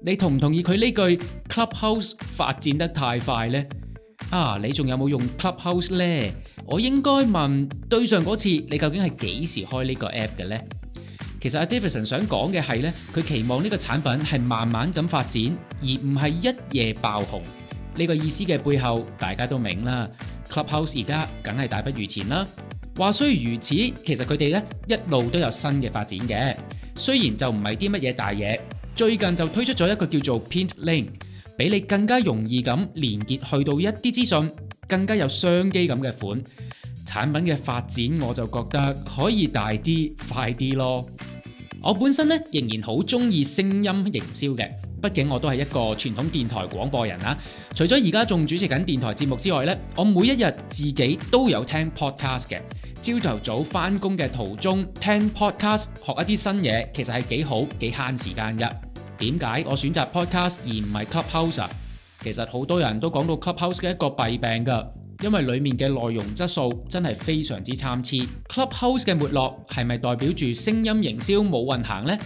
你同唔同意佢呢句 Clubhouse 發展得太快呢？啊，你仲有冇用 Clubhouse 呢？我應該問對上嗰次，你究竟係幾時開呢個 app 嘅呢？其實阿 Davidson 想講嘅係咧，佢期望呢個產品係慢慢咁發展，而唔係一夜爆紅。呢個意思嘅背後，大家都明啦。Clubhouse 而家梗係大不如前啦。話雖如此，其實佢哋咧一路都有新嘅發展嘅，雖然就唔係啲乜嘢大嘢。最近就推出咗一個叫做 Pint Link，畀你更加容易咁連結去到一啲資訊，更加有商機咁嘅款產品嘅發展，我就覺得可以大啲、快啲咯。我本身咧仍然好中意聲音營銷嘅，畢竟我都係一個傳統電台廣播人啦、啊。除咗而家仲主持緊電台節目之外咧，我每一日自己都有聽 podcast 嘅。朝頭早返工嘅途中聽 podcast，學一啲新嘢，其實係幾好、幾慳時間嘅。點解我選擇 podcast 而唔係 clubhouse？其實好多人都講到 clubhouse 嘅一個弊病㗎，因為裡面嘅內容質素真係非常之參差。clubhouse 嘅沒落係咪代表住聲音營銷冇運行呢？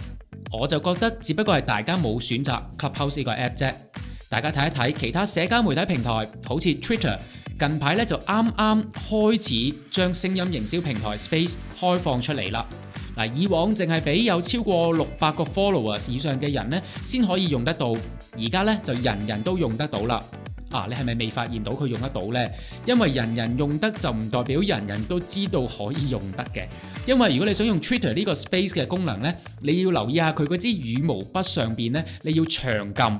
我就覺得只不過係大家冇選擇 clubhouse 個 app 啫。大家睇一睇其他社交媒體平台，好似 Twitter 近排咧就啱啱開始將聲音營銷平台 Space 開放出嚟啦。嗱，以往淨係俾有超過六百個 follower 以上嘅人咧，先可以用得到。而家咧就人人都用得到啦。啊，你係咪未發現到佢用得到咧？因為人人用得就唔代表人人都知道可以用得嘅。因為如果你想用 Twitter 呢個 Space 嘅功能咧，你要留意下佢嗰支羽毛筆上面咧，你要長撳。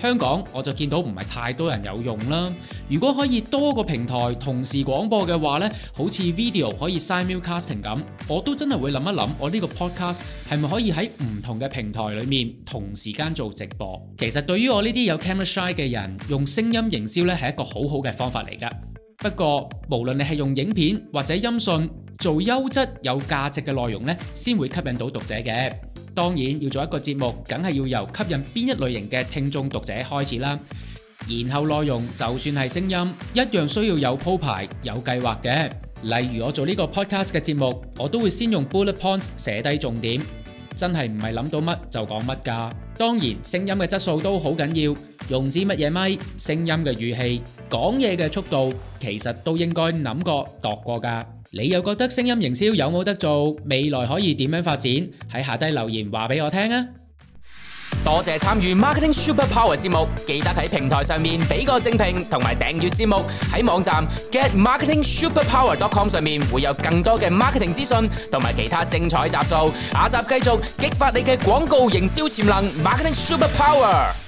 香港我就見到唔係太多人有用啦。如果可以多個平台同時廣播嘅話呢，好似 video 可以 simulcasting 咁，我都真係會諗一諗，我呢個 podcast 係咪可以喺唔同嘅平台裡面同時間做直播？其實對於我呢啲有 camera shy 嘅人，用聲音營銷呢係一個好好嘅方法嚟㗎。不過無論你係用影片或者音訊做優質有價值嘅內容呢，先會吸引到讀者嘅。當然要做一個節目，梗係要由吸引邊一類型嘅聽眾讀者開始啦。然後內容就算係聲音，一樣需要有鋪排、有計劃嘅。例如我做呢個 podcast 嘅節目，我都會先用 bullet points 寫低重點，真係唔係諗到乜就講乜㗎。當然聲音嘅質素都好緊要，用支乜嘢咪，聲音嘅語氣，講嘢嘅速度，其實都應該諗過、度過㗎。你又覺得聲音營銷有冇得做？未來可以點樣發展？喺下低留言話俾我聽啊！多謝參與 Marketing Super Power 節目，記得喺平台上面俾個精評同埋訂閱節目。喺網站 Get Marketing Super Power dot com 上面會有更多嘅 marketing 資訊同埋其他精彩集數。下集繼續激發你嘅廣告營銷潛能，Marketing Super Power！